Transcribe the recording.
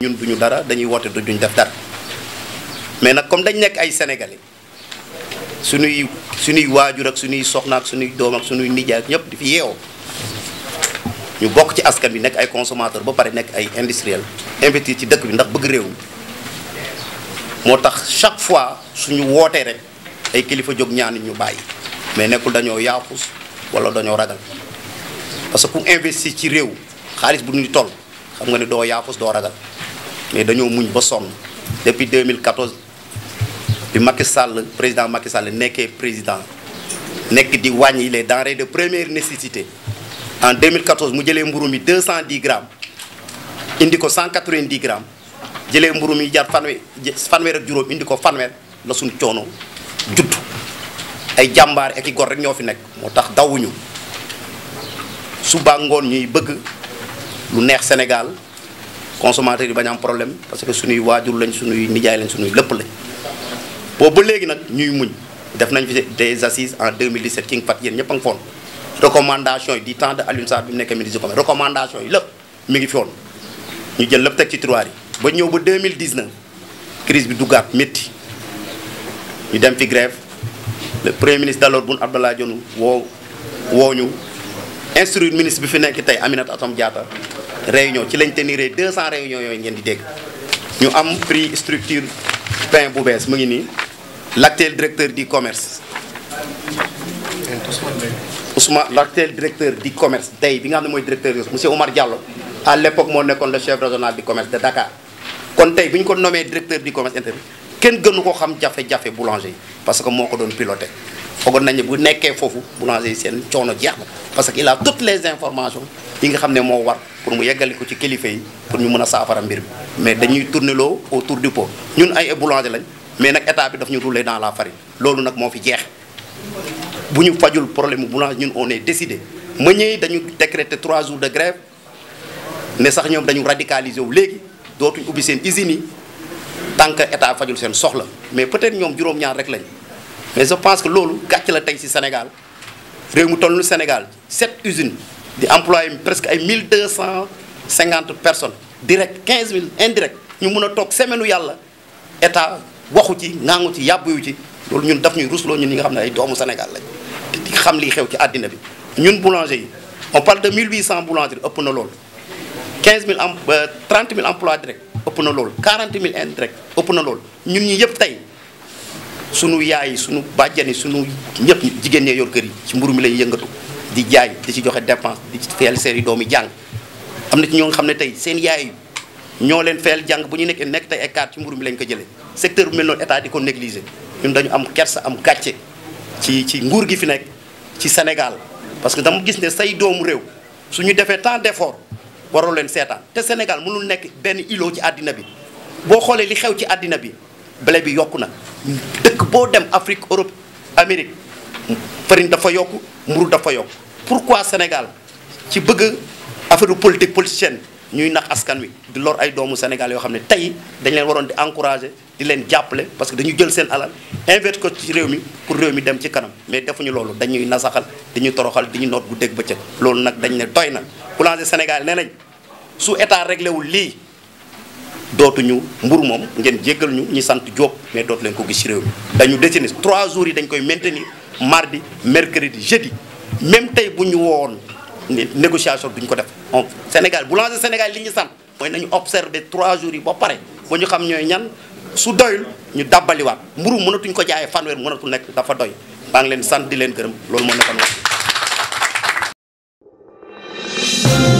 ñun duñu dara dañuy woote duñu def dara mais nag comme dañ nekk ay sénégalais suñuy suñuy waajur ak suñuy soxna ak suñuy doom ak suñuy nijaay ak ñëpp di fi yeewoo ñu bokk ci askan bi nekk ay consommateur ba pare nekk ay industriel investir ci dëkk bi ndax bëgg réew mi moo tax chaque fois suñu wootee rek ay kilifa jóg ñaan ñu bàyyi mais nekkul dañoo yaaxus wala dañoo ragal parce que ku ci réew xaalis bu ñu toll xam nga ne doo yaafus doo ragal mais dañoo muñ ba sonn depuis 2014 bi Macky Sall président Macky Sall nekkee président nekk di wàññi les de première nécessité en 2014 mu jëlee mburu mi 210 grammes indi ko 190 grammes. jëlee mburu mi jar fanwe fanweer ak juróom indi ko fanweer la suñu coono judd ay jàmbaar ak i gor rek ñoo fi nekk moo tax dawuñu suba ngoon ñuy bëgg lu neex Sénégal consommateur yi bañ am problème parce que suñuy waajur lañ suñuy nijaay lañ suñuy lépp lañ boo ba léegi nag ñuy muñ def nañ fi des assises en 2017 ki nga fat yéen ñëpp a ngi foon recommandation yi di temps de Alioune Sarr mu nekk ministre du commerce yi lépp mi ngi fi ñu jël lépp teg ci tiroir yi ba ñëw ba 2019 crise bi duggaat métti ñu dem fi grève le premier ministre d'alors Boun Abdallah Dionne woo woo ñu instruire ministre bi fi nekk tey Aminata atom Diatta réunion ci lañ tenir 200 réunions yooyu ngeen di dégg ñu am prix structure pain bu bees mu ngi nii l'actuel directeur di commerce Ousmane l'actuel directeur du commerce tey bi nga xam ne mooy directeur monsieur Oumar Diallo à l'époque moo nekkoon le chef régional du commerce de Dakar kon tey bu ñu ko nommé directeur du commerce intérieur kenn gënu ko xam jafe-jafe boulanger yi parce que moo ko doon piloté nañ nañu bu nekkee foofu boulanger yi seen coono jeex na parce que il a toutes les informations yi nga xam ne moo war pour mu yeggali ko ci kilifa yi pour ñu mën a saafara mbir mais dañuy tourner loo autour du pot ñun ay boulanger lañ mais nag état bi daf ñu rouler dans la farine loolu nag moo fi jeex bu ñu fajul problème boulanger ñun on est décidé ma ñëw dañu décréter trois jours de mais sax ñoom dañu radicaliser wu léegi dootuñ ubbi seen usines yi tan que état fajul seen soxla mais peut-être ñoom juróom-ñaar rek lañ mais je pense que loolu gàcc la tey ci Sénégal réew mu toll Sénégal sept usines di employé presque ay mille cent 1250 personnes direct 15000 indirect ñu mun a toog semaine yàlla état waxu ci naangu ci yu ci loolu ñun daf ñuy rusloo ñun ñi nga xam ne ay doomu Sénégal lañ te di xam li xew ci àddina bi ñun boulanger yi on parle de 1800 ëpp na loolu. quinze mille em euh, trente mille emplois direct ëpp na lool quarante mille indirect ëpp na lool ñun ñi yëpp tey sunu yaay sunu bàjjan yi sunu ñëpp jigéen ñee yor kër yi ci mburu mi lay yëngatu di jaay di ci joxe dépense di ci fayal seen i doomi jàng am na ci ñoo xam ne tey seen yaay ñoo leen fayal jàng bu ñu nekkee nekk tey ay carte mburu mi lañ ko jëlee secteur bu mel noonu état di ko négliger ñun dañu am kers am gàcce ci ci nguur gi fi nekk ci Sénégal parce que dama gis ne say doomu réew suñu defee tant d'effort waroo leen seetaan te Sénégal mënul nekk benn ilo ci àddina bi boo xoolee li xew ci àddina bi bale bi yokku na dëkk boo dem Afrique Europe Amérique farine dafa yokk mburu dafa yokk quoi Sénégal ci bëgg affaire politique politicienne ñuy nax askan wi di lor ay doomu Sénégal yoo xam ne tey dañ leen waroon di encourager di leen jàppale parce que dañu jël seen alal investi ko ci réew mi pour réew mi dem ci kanam mais defuñu loolu dañuy nasaxal dañuy toroxal di ñu noot bu dégg bëccëg loolu nag dañ ne toy na boulanger Sénégal nee nañ su état réglé wul lii dootuñu mbur moom ngeen jéggal ñu ñi sant Diop mais dootu leen ko gis ci réew mi dañu détenir trois jours yi dañ koy maintenir mardi mercredi jeudi même tey bu ñu woon négociation duñ ko def on Sénégal boulanger Sénégal li ñu sant mooy nañu observer trois jours yi ba pare ba xam ñooy ñan su doyul ñu dàbbaliwaat mburu mënatuñ ko jaayee fanweer mënatu nekk dafa doy maa ngi leen sant di leen gërëm loolu moo nekkoon wax